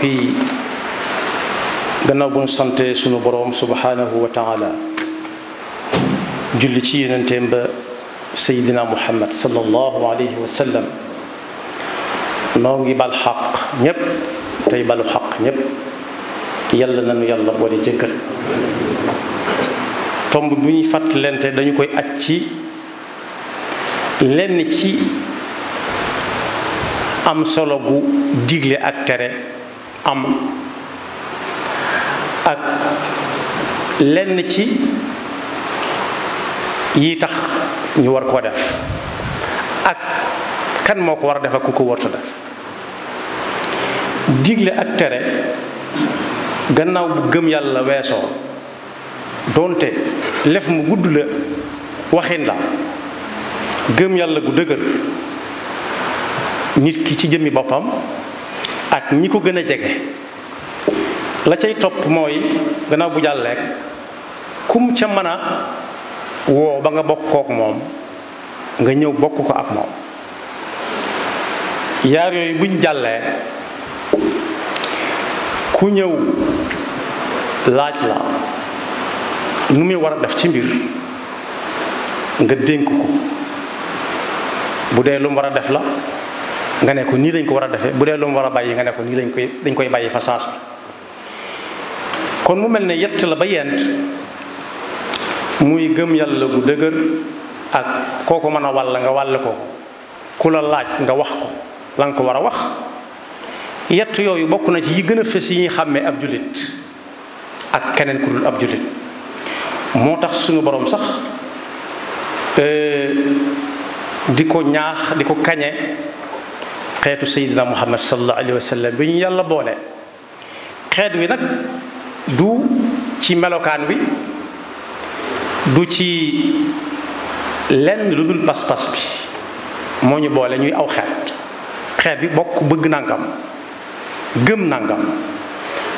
mbokk yi gannaaw bu ñu sante sunu boroom subhaanahu wa taala julli ci yonenteem ba sayidina muhammad sallallahu alayhi wa sallam ngi bal xaq ñépp tey balu xaq ñépp yàlla nañu yàlla boole jëkkal tomb bu ñuy fàttalente dañu koy aj ci lenn ci am solo gu digle ak tere am ak lenn ci yi tax ñu war koo def ak kan moo ko war a def ku ko warta def digle ak tere gannaaw bu gëm yàlla weesoo doonte lef mu gudd la waxin la gëm yàlla gu dëgër nit ki ci jëmmi boppam ak ñi ko gën a jege la cay topp mooy gannaaw bu jàlleek kum ca mën a woo ba nga bokk kook moom nga ñëw bokk ko ak moom yaar yooyu buñ jàllee ku ñëw laaj la nu muy war a def ci mbir nga dénk ko bu dee lu mu war a def la nga ne ko nii lañ ko war a defe bu dee lu mu war a bàyyi nga ne ko nii lañ koy dañ koy bàyyi fa saasu kon mu mel ne yett la ba yent muy gëm yàlla bu dëgër ak koo ko mën a wàll nga wàll ko ku la laaj nga wax ko la nga ko war a wax yett yooyu bokk na ci yi gën a fës yi ñuy xàmmee ab jullit ak keneen ku dul ab jullit moo tax suñu boroom sax euh, di ko ñaax di ko kañe xeetu sayyidina muhammad sallallahu alayhi wa sallam bi ñu yàlla boole xeet wi nag du ci melokaan bi du ci lenn lu dul pas-pas bi moo ñu boole ñuy aw xeet xeet bi bokk bëgg nangam gëm nangam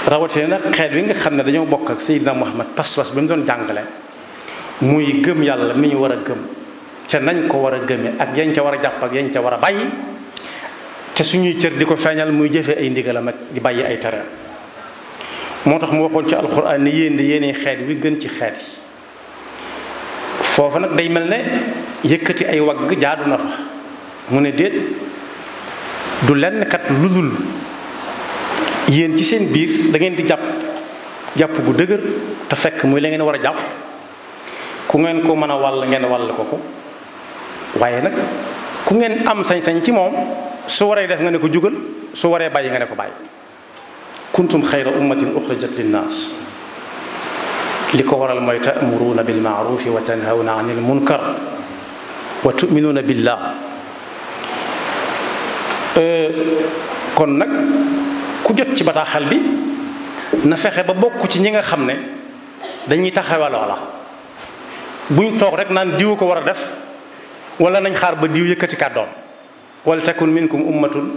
rawatina nag xeet wi nga xam ne dañoo bokk ak sayyidina muhammad pas-pas bi mu doon jàngale muy gëm yàlla mi ñu war a gëm ca nañ ko war a gëme ak yañ ca war a jàpp ak yañ ca war a bàyyi te suñuy cër di ko feeñal muy jëfee ay ndigalam ak di bàyyi ay tereem moo tax mu waxoon ci alxuraan ni yéen di yéenay xeet wi gën ci xeet yi foofa nag day mel ne yëkkati ay wagg jaadu na fa mu ne déet du lenn kat lu dul yéen ci seen biir dangeen di jàpp jàpp gu dëgër te fekk muy la ngeen war a jàpp ku ngeen ko mën a wàll ngeen wàll ko ko waaye nag ku ngeen am sañ-sañ ci moom su waree def nga ne ko jógal su waree bàyyi nga ne ko bàyyi kuntum xayra ummatin uxrijat linnaas li ko waral mooy taamuruuna bilmaarufi wa tanhawna anil munkar wa tuminuuna billah euh, kon nag ku jot ci bataaxal bi na fexe ba bokk ci ñi nga xam ne dañuy taxawe loola buñ toog rek naan diwu ko war a def wala nañ xaar ba diw yëkkati kàddoon waltakun minkum ummatun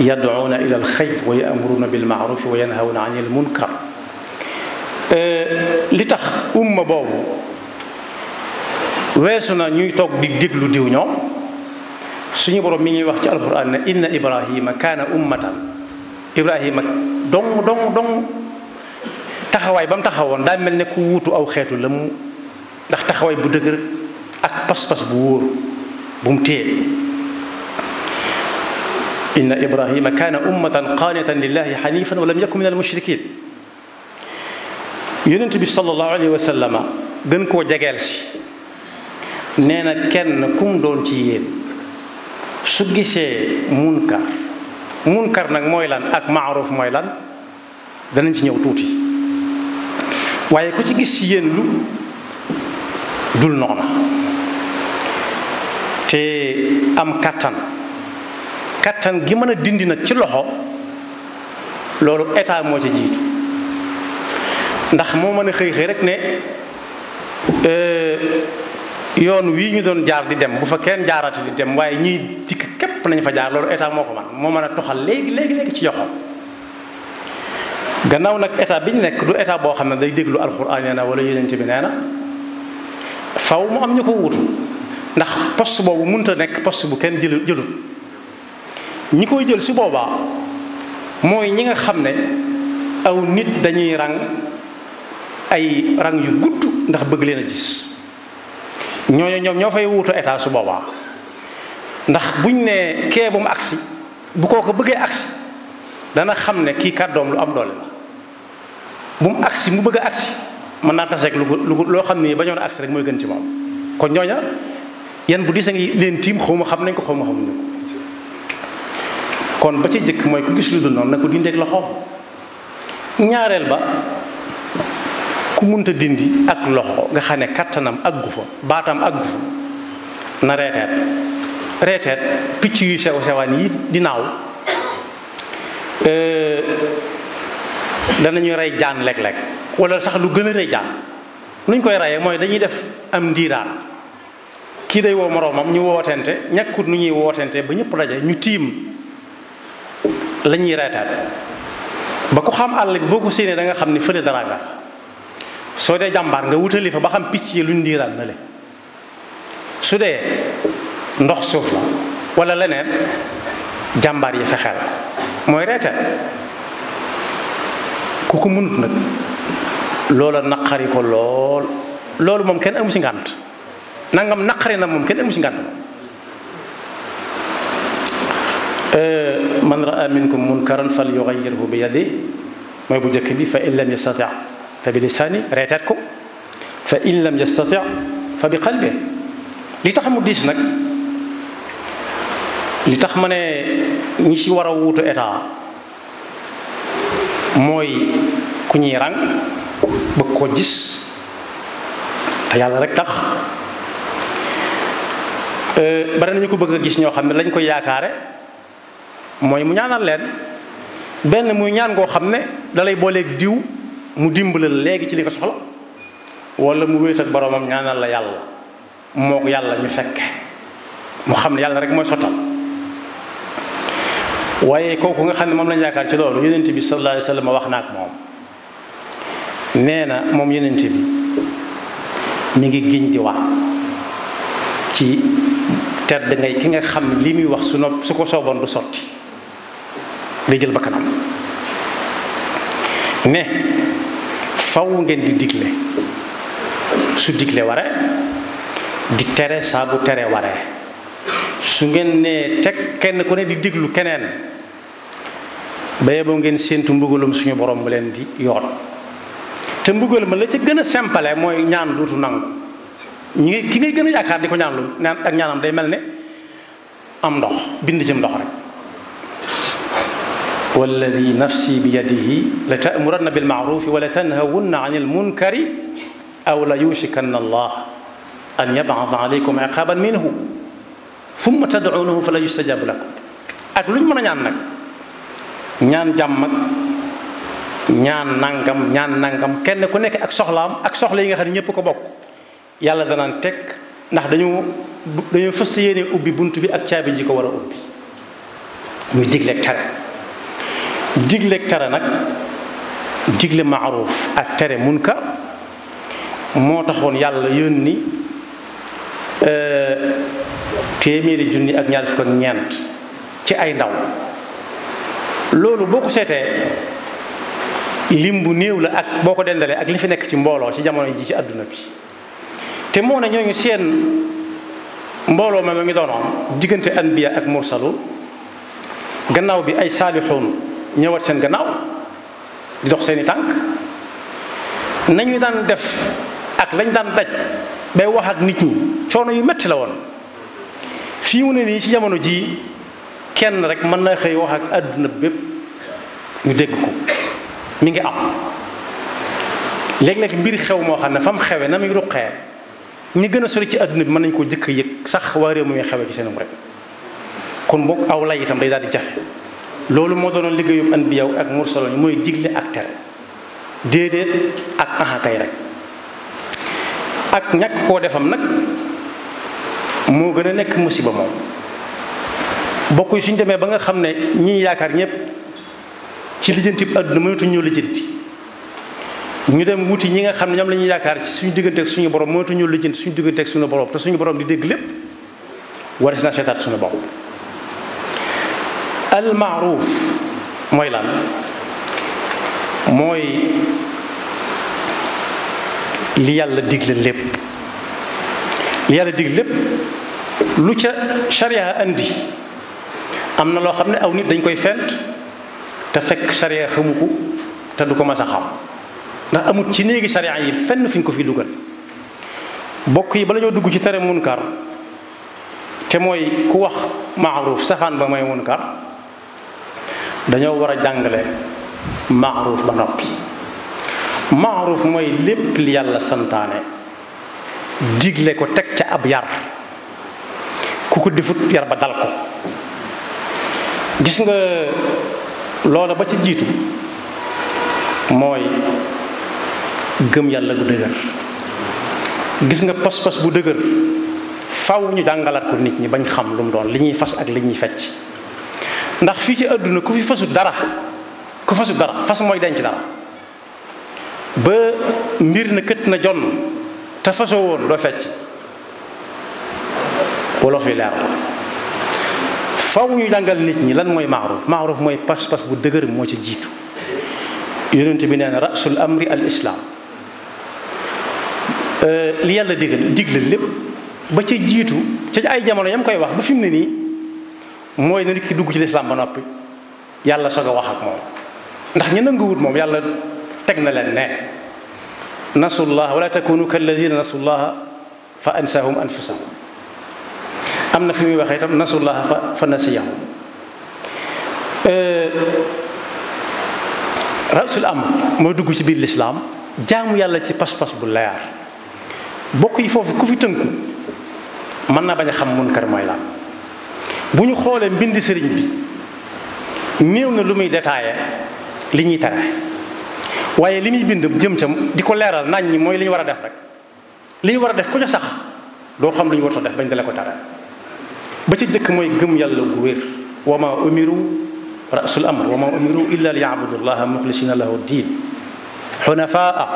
yad'una ila alxayr wa ya'muruna bilmaaruf wa yanhawna an il munkar li tax umma boobu weesu na ñuy toog di déglu diw ñoom suñu boroom mi ñuy wax ci alquran na inna ibrahima kaana ummatan ibrahima dong dong dong taxawaay ba mu taxawoon daa mel ne ku wuutu aw xeetu la mu ndax taxawaay bu dëgër ak pas-pas bu wóor bu mu téye inna ibrahima kaana ummatan qaanitan lillahi xanifan wa lam min almushrikin yonent bi sallallahu alayhi wa gën koo jegeel si nee na kenn kum doon ci yéen su gisee munkar munkar nag mooy lan ak maaruf mooy lan danañ ci ñëw tuuti waaye ku ci gis ci yéen lu dul noona te am kattan kattan gi mën a dindi nag ci loxo loolu état moo ci jiitu ndax moo mën a xëy rek ne euh, yoon wii ñu doon jaar di dem bu fa kenn jaarati di dem waaye ñiy dikk képp nañ fa jaar loolu état moo ko man moo mën a toxal ci yoxo gannaaw nag état bi ñu nekk du état boo xam ne day déglu alxuraan nee na wala yonent bi nee na faw mu am ñu ko wutu ndax poste boobu munta nekk poste bu kenn jëlu jëlut ñi koy jël si boobaa mooy ñi nga xam ne aw nit dañuy rang ay rang yu gudd ndax bëgg leen a gis ñooñu ñoom ñoo fay wuutu état su boobaa ndax buñ ne kee bu mu agsi bu koo ko bëggee agsi dana xam ne kii doom lu am doole la bu mu agsi mu bëgg a agsi mën naa taseeg lu lu loo xam ne bañoon a agsi rek mooy gën ci moom kon ñooña yan bu di sa ngi leen tiim xaw ma xam nañ ko xaw ma xamuñu ko kon ba ci jëkk mooy ku gis lu dul noonu na ko dindeeg loxoom ñaareel ba ku munta dindi ak loxo nga xam ne kàttanam ak fa baatam aggu fa na reeteet reeteet picc yu sew sewaan yi di naaw euh, danañu rey jaan lekk-lekk walla sax lu gën a rey jaan nuñ koy reyee mooy dañuy def am ndiiraan kii day woo moroomam ñu wootente ñàkkut nu ñuy wootente ba ñëpp daje ñu tiim la ñuy reetaan ba ko xam àll bi boo ko séenee da nga xam ni fële dara nga soo dee jàmbaar nga wutali fa ba xam picc yi luñ diiraan na le su dee ndox suuf la wala leneen jàmbaar yi fexeel mooy reetaan ku ko mënut nag loola naqari ko lool loolu moom kenn amu si ngànt nangam naqari na moom kenn amu si ngànt Eh, man raa minkum munkaran fal yughayyirhu bi yadi mooy bu njëkk bi fa in lam yastati fa bi lisaani reeteet ko fa in lam yastati fa bi qalbi li tax mu diis nag li tax ma ne ñi ci war a wuutu état mooy ku ñuy ràng bëgg koo gis te yàlla rek tax eh, bare nañu ko bëgg a gis ñoo xam ne lañ ko yaakaare mooy mu ñaanal leen benn muy ñaan ngoo xam ne dalay booleek diw mu dimbali la léegi ci li nga soxla wala mu wéet ak boromam ñaanal la yàlla moo ko yàlla ñu fekk mu xam ne yàlla rek mooy sottal waaye kooku nga xam ne moom lañ yaakaar ci loolu yonent bi sallallahu laa wa sallam wax na ak moom nee na moom yonent bi mu ngi giñ di wax ci tedd ngay ki nga xam li muy wax su nopp su ko sooboon du sotti day jël ba kanam ne faw ngeen di digle su digle ware di tere saa bu tere ware su ngeen nee teg kenn ku di diglu keneen ba boo ngeen séentu mbugalum suñu borom bu leen di yoot te mbugal ma la ca gën a simpale mooy ñaan duutu nangu ñi ki ngay gën a yaakaar di ko ñaan lu ak ñaanam day mel ne am ndox bind ci ndox rek walladi nafsi bi yadihi la taamuranna bilmaarufi wala tanhawunna an ilmunkari aw la yushikanna allah an yabasa aleykum iqaban minhu summa tadcuunahu fala yustajabu lakum ak luñ mën a ñaan nag ñaan jàmm ak ñaan nangam ñaan nangam kenn ku nekk ak soxlaam ak soxla yi nga xam ne ñëpp ko bokk yàlla danaan teg ndax dañu dañu fas yéene ubbi bunt bi ak caabi ji ko war a ubbi muy digleeg tere digleeg tere nag digle maaruuf ak tere munka moo taxoon yàlla yónni euh, téeméeri junni ak ñaar fukk ak ñeent ci ay ndaw loolu boo ko seetee lim bu néew la ak boo ko dendalee ak li fi nekk ci mbooloo ci jamono ji ci àdduna bi te moo ne ñooñu seen mbooloo ma ma ngi doonoon diggante anbiya ak mursalu gannaaw bi ay saalixuun ñëwaat seen gannaaw di dox seeni tànk nañu daan def ak lañ daan daj bay wax ak nit ñi coono yu metti la woon fii mu ne nii ci jamono jii kenn rek mën na xëy wax ak àdduna bépp ñu dégg ko mi ngi am léeg-léeg mbir xew moo xam ne fa mu xewe na muy ruqee ñi gën a sori ci àdduna bi mën nañ koo jëkk a yëg sax waa réew mi muy xewe ci seenum rek kon boog aw lay itam day daal di jafe loolu moo doonoon liggéeyum yow ak mursaloon mooy digle ak tere déedéet ak ahakay rek ak ñakk koo defam nag moo gën a nekk musiba moom bokk yi suñ demee ba nga xam ne ñi yaakaar ñëpp ci lijjanti bi àdduna mënatuñ ñoo lijjanti ñu dem wuti ñi nga xam ne ñoom la ñuy yaakaar ci suñu diggante ak suñu borom mënatuñ ñoo lijjanti suñu diggante ak suñu borom te suñu boroom di dégg lépp war si naa seetaat suñu bopp almaaruuf mooy laal mooy li yàlla digle lépp li yàlla digle lépp lu ca sharia andi am na loo xam ne aw nit dañ koy fent te fekk sharia xamu te du ko mas a xaw ndax amut ci néegi sharia yi fenn fi ñu ko fi dugal bokk yi bala ñoo dugg ci tere munkar te mooy ku wax maaruuf safaan ba mooy munkar dañoo war a jàngale maaruuf ba noppi maaruuf mooy lépp li yàlla santaane digle ko teg ca ab yar ku ko defut yar ba dal ko gis nga loola ba ci jiitu mooy gëm yàlla gu dëgër gis nga pas-pas bu dëgër faw ñu jàngalaat ko nit ñi bañ xam lu mu doon li ñuy fas ak li ñuy fecc ndax fii ci àdduna ku fi fasut dara ku fasu dara fas mooy denc dara ba mbir na kët na jonn te fasoo woon doo fecc wolof yi leer faw ñu jàngal nit ñi lan mooy maaruf maaruf mooy pas-pas bu dëgër moo ci jiitu yonent bi nee na rasul amri al islaam li yàlla digal digle lépp ba ci jiitu ca ay jamono yam koy wax ba fi mu ne nii mooy na nit ki dugg ci lislaam ba noppi yàlla soog a wax ak moom ndax ñu nanguwut moom yàlla teg na leen ne nasullah wala takunu kalladina nasullaha fa ansahum anfusahum na fi muy waxee itam nasullaha fa fa nasiyahum rasul am mooy dugg ci biir lislaam jaamu yàlla ci pas-pas bu leer bokk yi foofu ku fi tënku mën naa bañ a xam munkar mooy lan bu ñu xoolee mbindi sëriñ bi néew na lu muy détaillé li ñuy tere waaye li muy bind jëm cam di ko leeral nañ ñi mooy li ñu war a def rek li ñu war a def ku ca sax doo xam lu ñu warta def bañ dale ko tere ba ci jëkk mooy gëm yàlla gu wér wa ma umiru rasul amr wa ma umiru illa li yaabudullaha muxlisina lahu diin xunafaa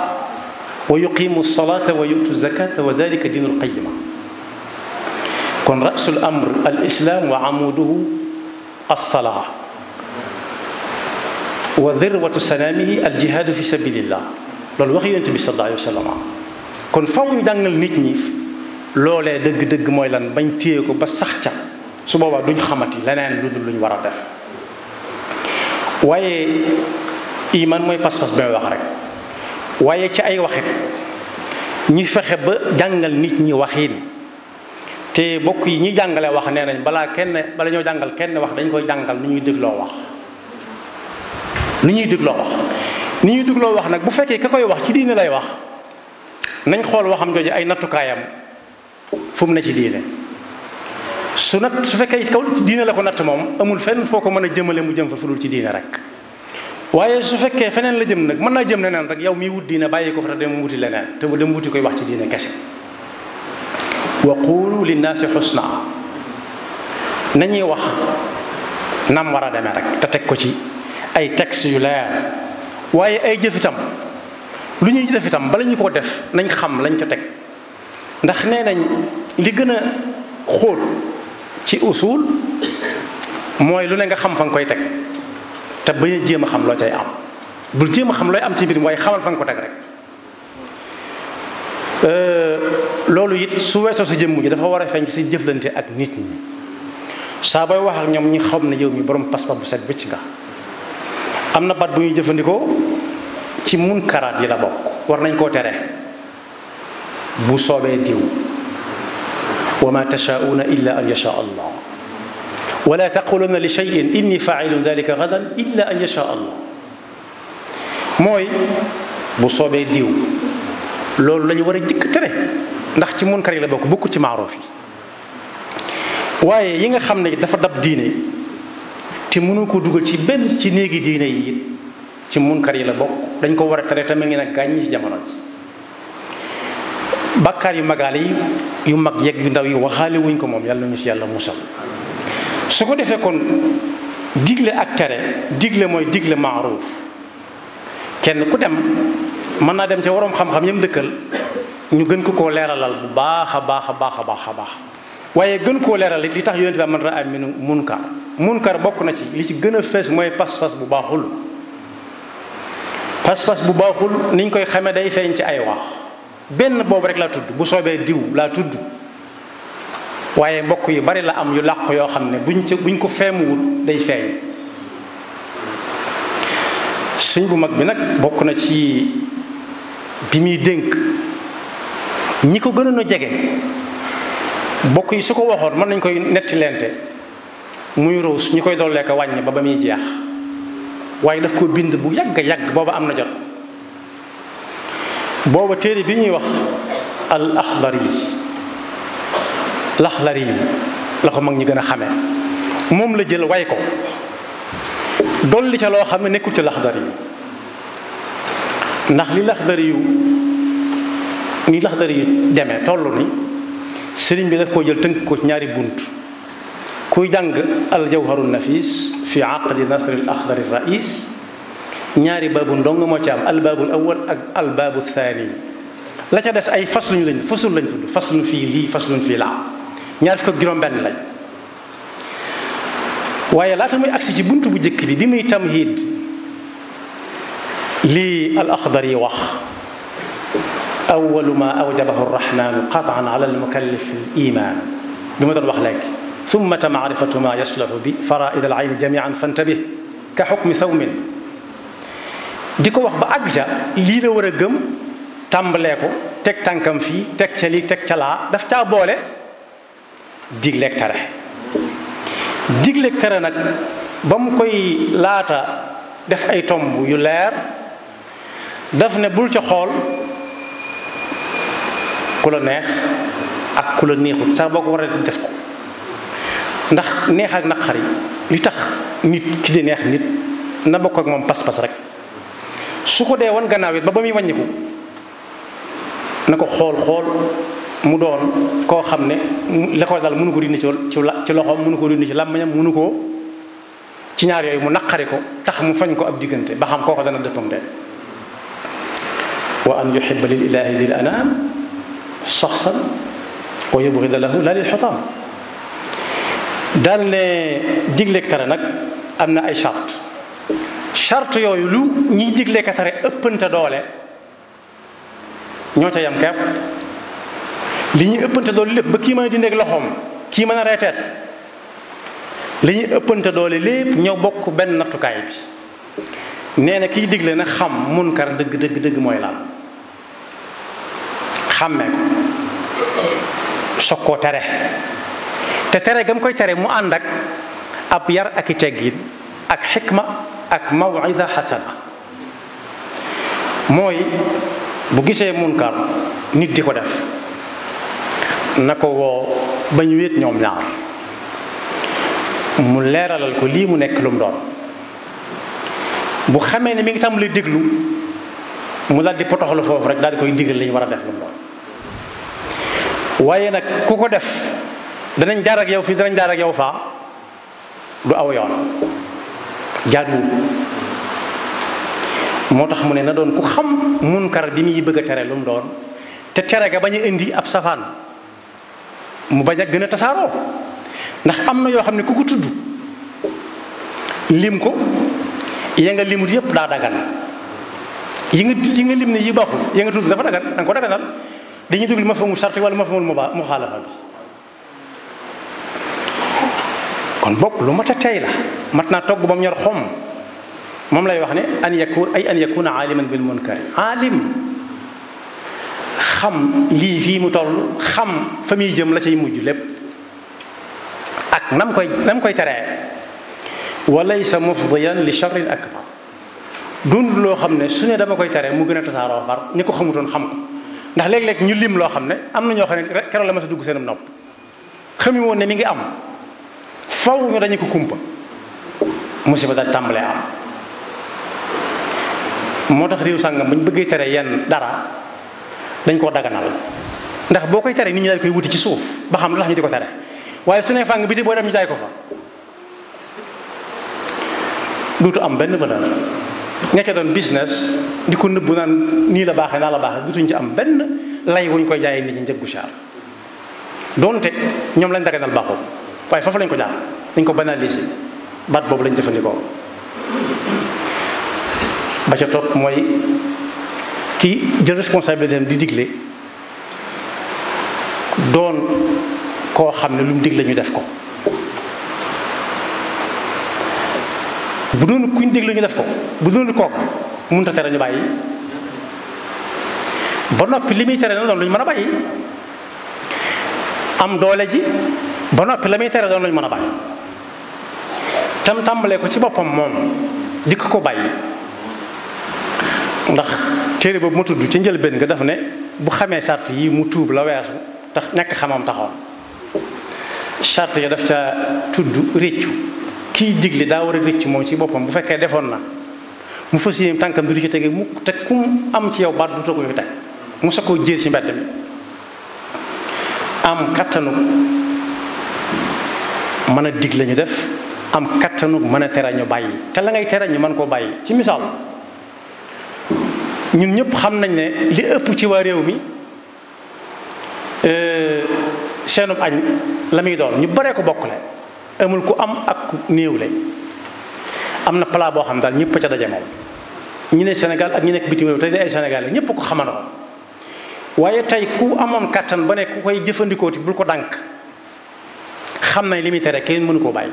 wa yuqimu salata wa yutu zakata wa dalika diinul qayima kon rasul amr al islam wa amuduhu alsalaa wa dirwatu sanaamihi al jihaadu fi sabilillah loolu wax yonent bi sallallahu alayhi wa kon faw ñu jàngal nit ñi loolee dëgg-dëgg mooy lan bañ téye ko ba sax ca su boobaa duñ xamati leneen lu dul luñ war a def waaye iman mooy pas-pas bi may wax rek waaye ci ay waxit ñi fexe ba jàngal nit ñi waxin te bokk yi ñuy jàngale wax nee nañ balaa kenn bala ñoo jàngal kenn wax dañ koy jàngal nu ñuy dégloo wax nu ñuy dégloo wax ni ñuy digloo wax nag bu fekkee ka koy wax ci diine lay wax nañ xool waxam jooju ay nattukaayam fu mu ne ci diine su natt su fekkee kaw diine la ko natt moom amul fenn foo ko mën a jëmale mu jëm fa fu dul ci diine rek waaye su fekkee feneen la jëm nag mën naa jëm leneen rek yow miy wut diine bàyyi ko fa te dem wuti leneen te dem koy wax ci diine kese wa quulu linnaasi xusna nañuy wax nam war a demee rek te teg ko ci ay texte yu leer waaye ay jëf itam lu ñuy def itam bala ko def nañ xam lañ ca teg ndax nee nañ li gën a xóot ci usul mooy lu ne nga xam fa nga koy teg te bañ a jéem a xam loo cay am bul jéem a xam looy am ci mbir mi waaye xamal fa nga ko teg rek Euh, loolu it su weesoo si jëmm ji dafa war a feeñ si sa jëflante ak nit ñi saa booy wax ak ñoom ñi xaw ne yow mi borom pas bu set bëcc nga am na baat bu ñuy jëfandikoo ci munkaraat yi la bokk war nañ koo tere bu soobee diw wa ma tashaauna illa an yasha allah wala taquluna li cheyin inni failun dalika gadan illa an yasha allah mooy bu soobee diw loolu la war a jëkk tere ndax ci munkar yi la bokk bokku ci maarof yi waaye yi nga xam ne dafa dab diine te mënu ko dugal ci benn ci néegi diine yi ci munkar yi la bokk dañ ko war a tere tamit ngeen a gàññi ci jamono ji bàkkaar yu magaale yi yu mag yegg yu ndaw yi waxaale wuñ ko moom yàlla na ñu si yàlla musal su ko defee kon digle ak tere digle mooy digle maaruuf kenn ku dem mën naa dem ca waroom xam-xam yam dëkkal ñu gën ko koo leeralal bu baax a baax a baax a baax a baax waaye gën koo leeral li tax yonent bi man ra am munkar munkar bokk na ci li ci gën a fees mooy pas-pas bu baaxul pas-pas bu baaxul niñ koy xamee day feeñ ci ay wax benn boobu rek la tudd bu soobee diw laa tudd waaye mbokk yu bari la am yu làqu yoo xam ne buñ ci buñ ko feemuwul day feeñ sëñ bu mag bi nag bokk na ci bi muy dénk ñi ko gënoon jege bokk yi su ko waxoon mën nañ koy netti lente muy ruus ñu koy dollee ko wàññi ba ba muy jeex waaye daf ko bind bu yàgg yàgg booba am na jot booba téere bi muy wax al axdar yi laxlar la ko mag ñi gën a xame moom la jël way ko dolli ca loo xam ne nekkul ci laxdar yi ndax li Laxdari yu ni Laxdari yu demee toll ni sëriñ bi daf koo jël tënk ko ci ñaari bunt kuy jàng aljawharu nafis fi aqdi nasri al axdari rais ñaari baabu ndong moo ci am albaabul awal ak albaabu thani la ca des ay fasluñ lañ fasul lañ tudd fasluñ fii lii fasluñ fii laa ñaar fukk ak juróom-benn lañ waaye laata muy agsi ci bunt bu jëkk bi bi muy tamhid lii al axdar yi wax awalu ma awjabahu arrahmanu qataan ala almukallif aliman bi ma doon wax léegi summata maarifatu ma yaslahu bi faraid al ayni jamian fantabih ka xukmi sawmin di ko wax ba àgg ca lii la war a gëm tàmbalee ko teg tànkam fii teg ca lii teg ca laa daf caa boole digleeg tere digleeg tere nag ba mu koy laata def ay tomb yu leer daf ne bul ca xool ku la neex ak ku la neexut sax boo ko war a def ko ndax neex ak naqar yi li tax nit ki di neex nit na bokk ak moom pas-pas rek su ko dee wan gannaaw it ba ba muy wàññiku na ko xool xool mu doon koo xam ne la ko dal mënu ko dindi ci ci loxoom mënu ko dindi ci làmmiñam munu koo ci ñaar yooyu mu naqari ko tax mu fañ ko ab diggante ba xam kooko dana dëppam de wa an yuxiba lil ilahi dil anaam saxsan wa yubrida lahu la lil xotaam daan ne digleeg tere nag am na ay charte charte yooyu lu ñiy digleeg a tere ëppante doole ñoo te yam kepp li ñuy ëppante doole lépp ba kii mën a dindeeg loxoom kii mën a reeteet li ñuy ëppante doole lépp ñoo bokk benn nattukaay bi nee na kiy digle na xam munkar dëgg dëgg dëgg mooy lan xàmmee ko soog koo tere te tere gam koy tere mu ànd ak ab yar ak i teggin ak xikma ak mawida xasana mooy bu gisee munkar nit di ko def na ko woo bañ wéet ñoom ñaar mu leeralal ko lii mu nekk lu doon bu xamee ne mi ngi tàmbalee déglu mu daal di potoxlu foofu rek daal koy digal lañu war a def lu mu waaye nag ku ko def danañ jaar ak yow fii danañ jaar ak yow faa du aw yoon jaaduwul moo tax mu ne na doon ku xam mun kar bi muy bëgg a tere lum mu doon te tere ga bañ a indi ab safaan mu bañ a gën a tasaaroo ndax am na yoo xam ne ku ko tudd lim ko ya nga limut yëpp daa dagan yi nga yi lim ne yi baaxul ya nga tudd dafa dagan da nga ko daganal dañuy dugg ma famul sart wala ma famul mu baax mu xaalafa bi kon bokk lu mat a tey la mat naa togg ba mu ñor xom moom lay wax ne an yakun ay an yakuna aaliman bil munkari aalim xam lii fii mu toll xam fa jëm la cay mujj lépp ak nam koy nam koy teree walaysa mufdiyan li charrin akbar dund loo xam ne su ne dama koy tere mu gën a tasaaroo far ñi ko xamutoon xam ko ndax léeg-léeg ñu lim loo xam ne am na ñoo xam ne keroog la ma sa dugg seenum nopp xami woon ne mi ngi am dañu ko kumpa musiba daal tàmbalee am moo tax réew sàngam bu ñu bëggee tere yenn dara dañ koo daganal ndax boo koy tere nit ñi daal koy wuti ci suuf ba xam lu tax ñu di ko tere waaye su ne fàng biti boo dem ñu jaay ko fa dootu am benn valeur ña ca doon business di ko nëbbu naan nii la baaxee naa la baaxee dootuñ ci am benn lay wuñ koy jaayee nit ñi njëg gu cher ñoom lañ daganal baaxoo waaye foofu lañ ko jaar dañ ko banaliser baat boobu lañ jëfandikoo ba mooy ki jël responsabilité di digle doon koo xam ne lu mu digle ñu def ko bu doon kuñ déglu ñu def ko bu doon kook mënut ta tere ñu bàyyi ba noppi li muy tere doon lu ñu mën a bàyyi am doole ji ba noppi la may tere doon lu ñu mën a bàyyi tam tàmbalee ko ci boppam moom dikk ko bàyyi ndax téere boobu ma tudd ci njëlbéen nga def ne bu xamee sart yi mu tuub la weesu tax ñàkk xamam taxaw sart yi daf ca tudd réccu kiy digle daa war a rëcc moom ci boppam bu fekkee defoon na mu fas yéene tànkam du ci tege mu te ku am ci yow baat du ko fi teg mu sa koo jéer ci mbedd mi am kattanu mën a digg la ñu def am kattanu mën a tere ñu bàyyi te la ngay tere ñu mën koo bàyyi ci misaal ñun ñëpp xam nañ ne li ëpp ci waa réew mi euh, seenub añ la muy doon ñu bare ko bokkule amul ku am ak ku néewle am na plat boo xam daal ñëpp ca daje moom ñi ne Sénégal ak ñi nekk bitim réew ay Sénégalais ñëpp ko xamandoo waaye tey ku amoon kàttan ba ne ku koy jëfandikoo ti bul ko dànk xam nañ li muy tere kenn mënu koo bàyyi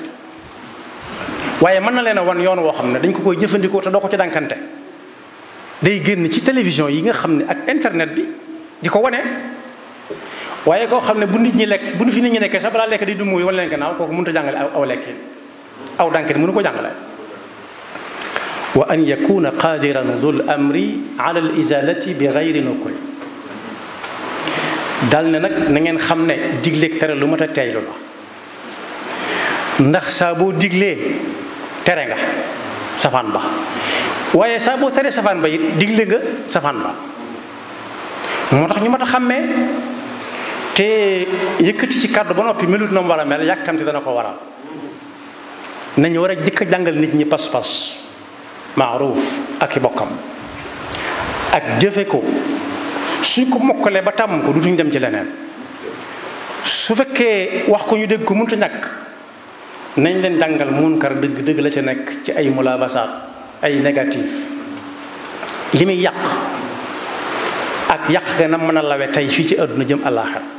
waaye mën na leen wan yoon woo xam ne dañ ko koy jëfandikoo te doo ko ci dànkante day génn ci télévision yi nga xam ne ak internet bi di ko wane. waaye koo xam ne bu nit ñi lekk bu fi nit ñi nekkee sax balaa lekk di du muy wala leen gannaaw kooku mënut a jàngale aw lekkin aw dànkin mënu ko jàngale wa an yakuna qadiran zul amri ala al izalati bi gayri nukul dal ne nag na ngeen xam ne digleeg tere lu mat a teeylu la ndax saa diglee tere nga safaan ba waaye saaboo boo tere safaan ba it digle nga safaan ba moo tax ñu mat a xàmmee te yëkkati ci kàddu ba noppi melut na mu war a mel yàkkamti dana ko waral nañu war a jëkk jàngal nit ñi pas-pas maaruuf ak i bokkam ak jëfe ko suñ ko mokkalee ba tàmm ko du tuñ dem ci leneen su fekkee wax ko ñu dégg ko mënta ñàkk nañ leen jàngal munkar dëgg dëgg la ca nekk ci ay mulaabasaat ay négatif li muy yàq ak yàq nga na mën a lawe tey fii ci àdduna jëm àllaaxira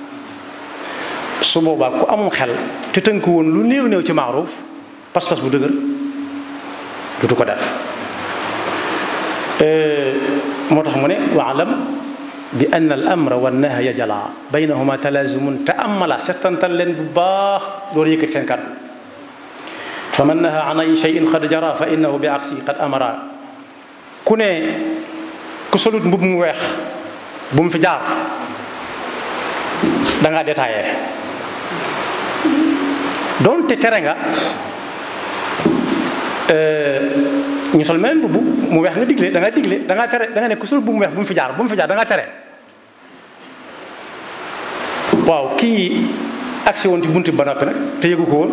su boobaa ku amum xel te tënk woon lu néew néew ci maaruuf pas-pas bu dëgër dutu ko def euh, moo tax mu ne waalam bi ann al amra wa nahya jalaa baynahuma talaazumun te amala settantal leen bu baax loolu yëkkati seen kàddu fa man naha an ay cheyin qad jara fa innahu bi aksi qad amara ku ne ku solut mbub mu weex bu mu fi jaar da te tere nga euh, ñu sol meneen bu mu weex nga digle dangay nga digle da tere da nga ne ku sol bu mu weex bu mu fi jaar bu mu fi jaar da tere waaw kii agsi woon ci bunti ba noppi nag te yëgu ko woon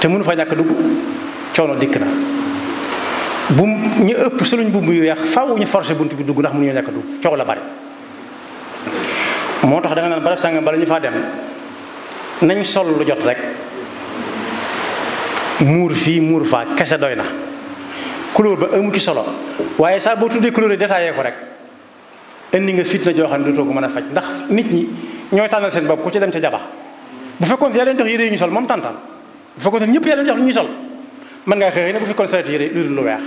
te mënu faa ñàkk dugg dikk na bu ñu ëpp soluñ bu muy weex faw ñu forcé bunt bi dugg ndax mënuñoo ñàkk dugg coow la bari moo tax da nga naan barab sàngam bala ñu faa dem nañ sol lu jot rek muur fii muur faa kese doy na couleur ba amu ki solo waaye saa boo tuddee couleur yi détaillé ko rek indi nga fitna joo xam ne dootoo ko mën a faj ndax nit ñi ñooy tànnal seen bopp ku ci dem ca jaba bu fekkoon yaa leen jox yére yi ñu sol moom tàntaan bu fekkoon ñëpp yaa leen jox lu ñuy sol mën ngaa xëy na bu fekkoon saret yére lu dul lu weex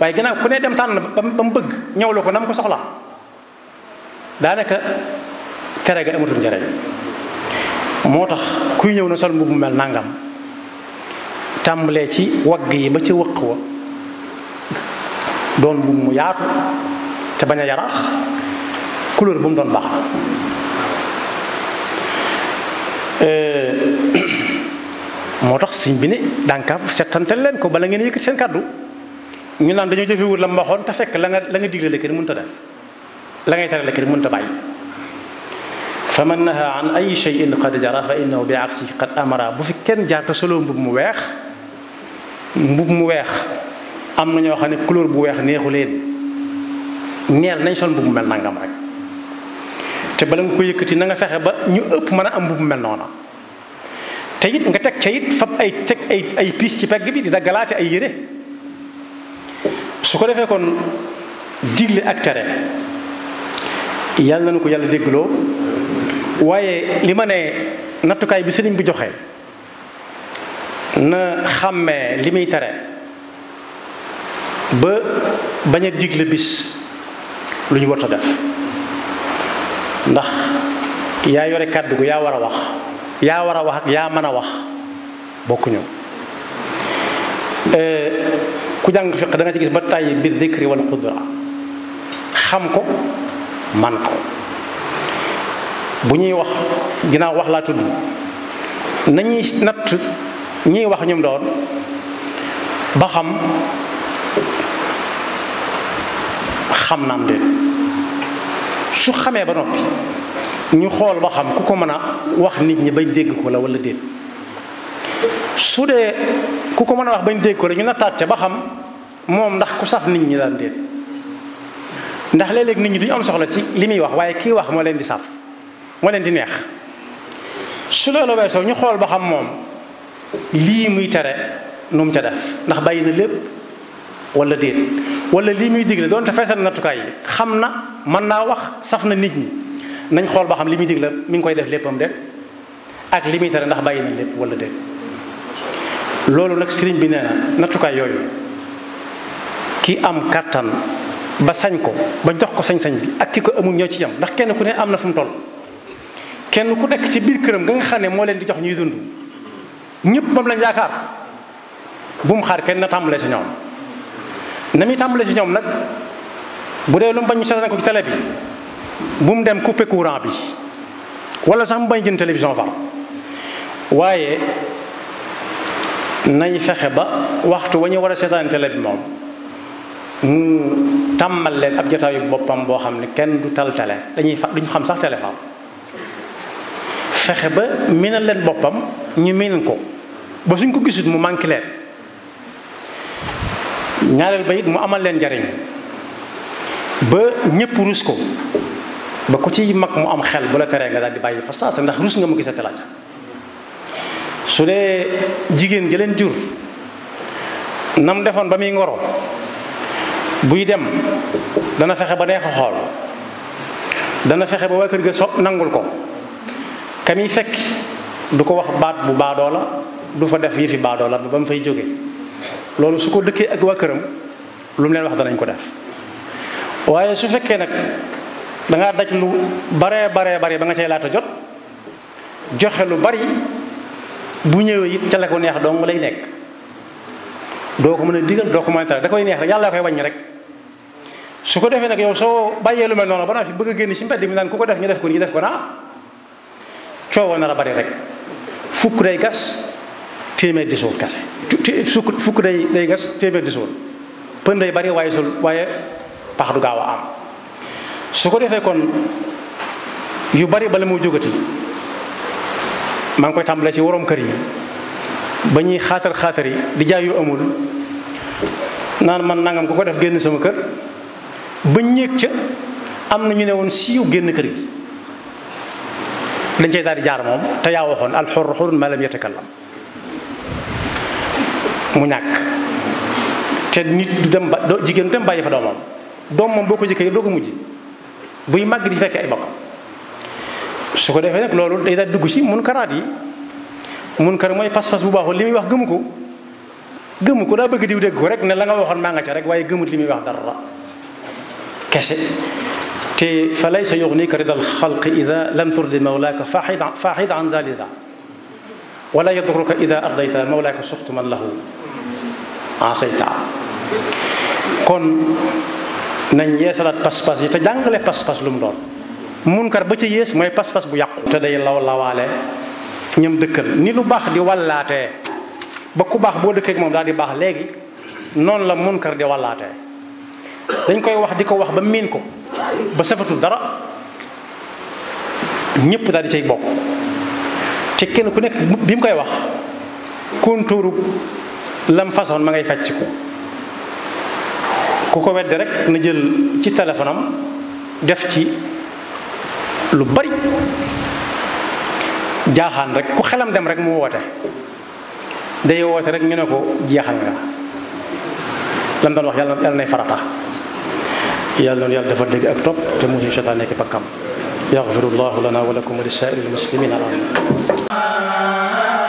waaye gannaaw ku ne dem tànn ba mu bëgg ñëw la ko na ko soxla daanaka tere ga amatul njëriñ moo tax kuy ñëw na sol mbubb mu mel nangam tàmbalee ci wagg yi ba ci wëq wa doon mbubb mu yaatu te bañ a yaraax couleur bu mu doon baax euh, moo tax sëñ bi ne dànkaaf settantal leen ko bala ngeen yëkkati seen kàddu ñu naan dañoo jëfewut la mbaxoon te fekk la nga la nga digle la kër mënut def la ngay tere la kër mënut a fa man naha an ay shay'in qad jara fa innahu bi aksi qad amara bu fi kenn jaar te solo mbub mu weex mbubb mu weex am na ñoo xam ne couleur bu weex neexu leen neel nañ sol mbub mu mel nangam rek te bala nga ko yëkkati na nga fexe ba ñu ëpp mën a am mbub mel noona te nga teg ca fab ay teg ay ay piis ci pegg bi di galaate ay yére su ko defee kon digle ak tere yàlla nañu ko yàlla déggloo waaye li ma ne nattukaay bi sëriñ bi joxe na xàmmee li muy tere ba bañ a digle bis lu ñu warta def ndax yaa yore kàddu gu yaa war a wax yaa war a wax ak yaa mën a wax bokkuñu euh, ku jàng fiq danga nga ci gis ba tàyyi bi zikri wal qudra xam ko man ko bu ñuy wax ginnaaw wax laa tudd nañuy natt ñuy wax ñum doon ba xam xam naam déet su xamee ba noppi ñu xool ba xam ku ko mën a wax nit ñi bañ dégg ko la wala déet su dee ku ko mën a wax bañ dégg ko la ñu nattaat ca ba xam moom ndax ku saf nit ñi daan déet ndax léeg-léeg nit ñi duñu am soxla ci li muy wax waaye kii wax moo leen di saf moo leen di neex su loolu weesoo ñu xool ba xam moom lii muy tere nu mu ca def ndax bàyyi na lépp wala déet wala lii muy digle doonte feesal na nattukaay yi xam na mën naa wax saf na nit ñi nañ xool ba xam li muy digle mi ngi koy def léppam de ak li muy tere ndax bàyyi na lépp wala déet loolu nag siriñ bi nee na nattukaay yooyu ki am kàttan ba sañ ko ba jox ko sañ-sañ bi ak ki ko amul ñoo ci yam ndax kenn ku ne am na fu mu toll kenn ku nekk ci biir këram nga nga xam ne moo leen di jox ñuy dund ñëpp moom lañ yaakaar bu mu xaar kenn na tàmbalee si ñoom na muy tàmbalee si ñoom nag bu dee lu mu bañ ñu seetaan ko ci télé bi bu mu dem couper courant bi walla sax mu bañ jënd télévision far waaye nay fexe ba waxtu wa war a seetaan télé bi moom mu tàmmal leen ab jotaayu boppam boo xam ne kenn du tal télé dañuy fa duñu xam sax télé far fexe ba minal leen boppam ñu miin ko ba suñ ko gisut mu manqué leen ñaareel ba it mu amal leen njariñ ba ñëpp rus ko ba ku ci mag mu am xel bu la teree nga daal di bàyyi fa saasa ndax rus nga mu gisate laaj su dee jigéen gi leen jur nam defoon ba muy ngoro buy dem dana fexe ba neex a xool dana fexe ba waa kër ga so nangul ko kami fekk du ko wax baat bu baadoo la du fa def yëfi baadoo la ba mu fay jóge loolu su ko dëkkee ak waa këram lu mu leen wax danañ ko def waaye su fekkee nag dangaa daj lu baree bare bari ba nga cay laata jot joxe lu bari bu ñëwee yit ca la ko neex dong lay nekk doo ko mën a digal doo ko da koy neex rek yàlla koy wàññi rek su ko defee nag yow soo bàyyee lu mel noonu ba naa fi bëgg a génn ci mbedd mi naan ku ko def ñu def ko ñu def ko naa coowoo nar a bari rek fukk day gas téeméer di suul fukk day day gas téeméer di pën day bari waaye sol waaye pax du gaaw a am su ko defee kon yu bari bala moo jógati maa ngi koy tàmbalee ci woroom kër yi ba ñuy xaatar xaatar yi di jaay yu amul naan man nangam ku ko def génn sama kër ba ñéeg ca am na ñu ne woon siiw génn kër gi dañ cay daal di jaar moom te yaa waxoon alxurru xurun ma lam yatakallam mu ñàkk te nit du dem ba jigéen du dem bàyyi fa doomam doomam boo ko jëkkee doo ko mujj buy màgg di fekkee ay bokk su ko defee rek loolu day daal dugg ci munkaraat yi mun munkar mooy pas-pas bu baaxul li muy wax gëmu ko gëmu ko daa bëgg diw dégg ko rek ne la nga waxoon maa nga ca rek waaye gëmut li muy wax dara kese te fa laysa yugnika rida alxalqi ida lam turdi mawlaaka faxid an dalida wala yadruka ida ardayta mawlaaka suxtu man lahu asayta kon nañ yeesalaat pas-pas yi te jàngale pas-pas lu mu doon munkar ba ca yées mooy pas-pas bu yàqu te day law lawaale ñam dëkkal ni lu baax di wallaatee ba ku baax boo dëkkeek moom daal di baax léegi noonu la munkar di wallaatee dañ koy wax di ko wax ba miin ko ba safatul dara ñëpp daal di cay bokk te kenn ku nekk bi mu koy wax kontóoru lam façon ma ngay fàcc ko ku ko wedde rek na jël ci téléphone def ci lu bari jaaxaan rek ku xelam dem rek mu woote day woote rek ñu ne ko jeexal nga lam daan wax yàlla yàlla nay farata yàlla noonu yàlla dafa dégg ak topp te mosuñu seetaan nekk bakkam yaxfirullahu lana wa lakum wa li